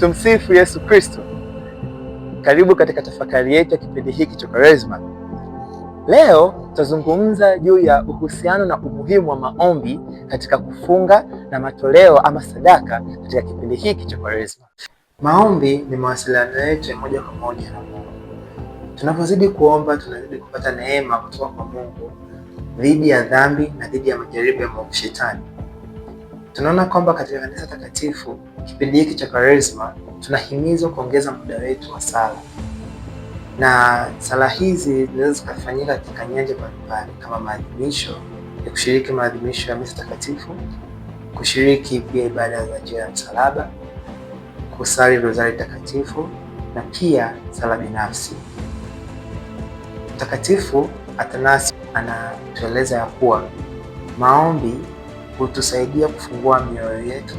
Tumsifu Yesu Kristo. Karibu katika tafakari yetu ya kipindi hiki cha Kwaresma. Leo tutazungumza juu ya uhusiano na umuhimu wa maombi katika kufunga na matoleo ama sadaka katika kipindi hiki cha Kwaresma. Maombi ni mawasiliano yetu ya moja kwa moja na Mungu. Tunapozidi kuomba, tunazidi kupata neema kutoka kwa Mungu dhidi ya dhambi na dhidi ya majaribu ya Mungu Shetani. Tunaona kwamba katika kanisa takatifu kipindi hiki cha Kwaresma tunahimizwa kuongeza muda wetu wa sala, na sala hizi zinaweza zikafanyika katika nyanja mbalimbali kama maadhimisho ya kushiriki maadhimisho ya misa takatifu, kushiriki pia ibada za njia ya msalaba, kusali rozari takatifu na pia sala binafsi. Mtakatifu Athanasi anatueleza ya kuwa maombi hutusaidia kufungua mioyo yetu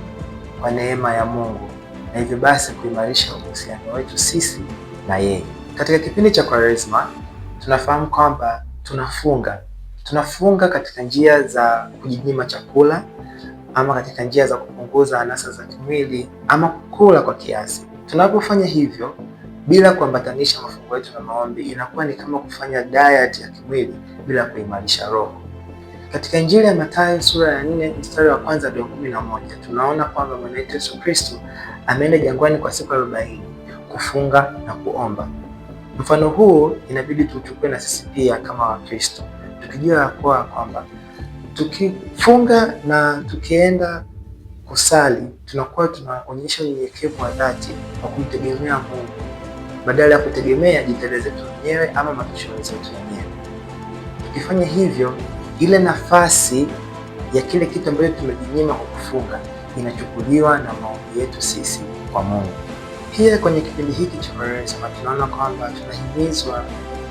kwa neema ya Mungu na hivyo basi kuimarisha uhusiano wetu sisi na yeye. Katika kipindi cha Kwaresma tunafahamu kwamba tunafunga, tunafunga katika njia za kujinyima chakula ama katika njia za kupunguza anasa za kimwili ama kula kwa kiasi. Tunapofanya hivyo bila kuambatanisha mafungo yetu na maombi, inakuwa ni kama kufanya diet ya kimwili bila kuimarisha roho. Katika Injili ya Mathayo sura ya nne mstari wa kwanza hadi kumi na moja tunaona kwamba Bwana wetu Yesu Kristo ameenda jangwani kwa siku arobaini kufunga na kuomba. Mfano huu inabidi tuchukue na sisi pia kama Wakristo, tukijua ya kuwa kwamba tukifunga na tukienda kusali tunakuwa tunaonyesha unyenyekevu wa dhati wa kumtegemea Mungu badala ya kutegemea jitihada zetu wenyewe ama matokeo yetu wenyewe. Tukifanya hivyo ile nafasi ya kile kitu ambacho tumejinyima kwa kufunga inachukuliwa na maombi yetu sisi kwa Mungu. Pia kwenye kipindi hiki cha Kwaresma tunaona kwamba tunahimizwa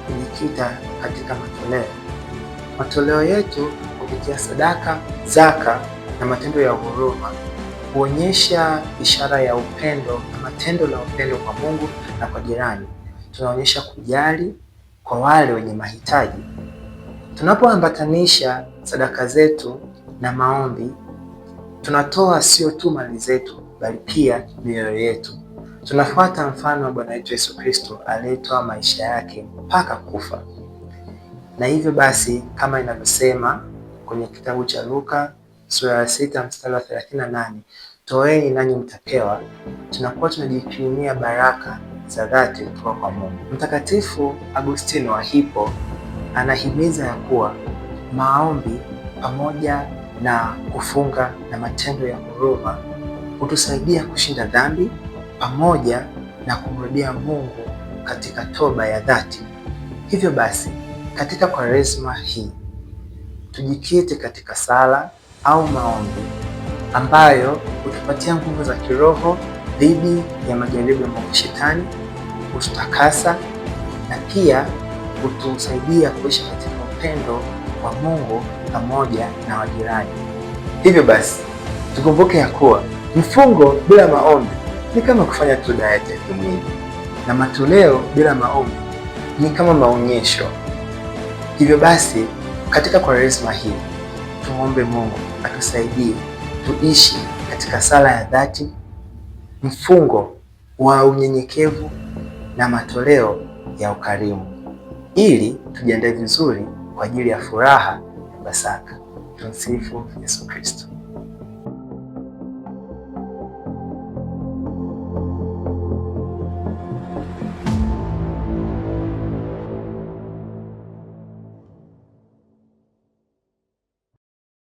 kujikita katika matoleo, matoleo yetu kupitia sadaka, zaka na matendo ya huruma kuonyesha ishara ya upendo na matendo la upendo kwa Mungu na kwa jirani. Tunaonyesha kujali kwa wale wenye mahitaji. Tunapoambatanisha sadaka zetu na maombi, tunatoa sio tu mali zetu, bali pia mioyo yetu. Tunafuata mfano wa Bwana wetu Yesu Kristo aliyetoa maisha yake mpaka kufa, na hivyo basi, kama inavyosema kwenye kitabu cha Luka sura ya sita mstari wa 38, toeni nanyi mtapewa. Tunakuwa tunajipimia baraka za dhati kutoka kwa Mungu. Mtakatifu Agustino wa Hippo anahimiza ya kuwa maombi pamoja na kufunga na matendo ya huruma hutusaidia kushinda dhambi pamoja na kumrudia Mungu katika toba ya dhati. Hivyo basi, katika Kwaresma hii tujikite katika sala au maombi ambayo hutupatia nguvu za kiroho dhidi ya majaribu ya Shetani, hututakasa na pia kutusaidia kuishi katika upendo wa Mungu pamoja na wajirani. Hivyo basi tukumbuke ya kuwa mfungo bila maombi ni kama kufanya tu diet ya kimwili, na matoleo bila maombi ni kama maonyesho. Hivyo basi katika Kwaresma hii tuombe Mungu atusaidie tuishi katika sala ya dhati, mfungo wa unyenyekevu na matoleo ya ukarimu ili tujiandae vizuri kwa ajili ya furaha ya Pasaka. Tumsifu Yesu Kristo.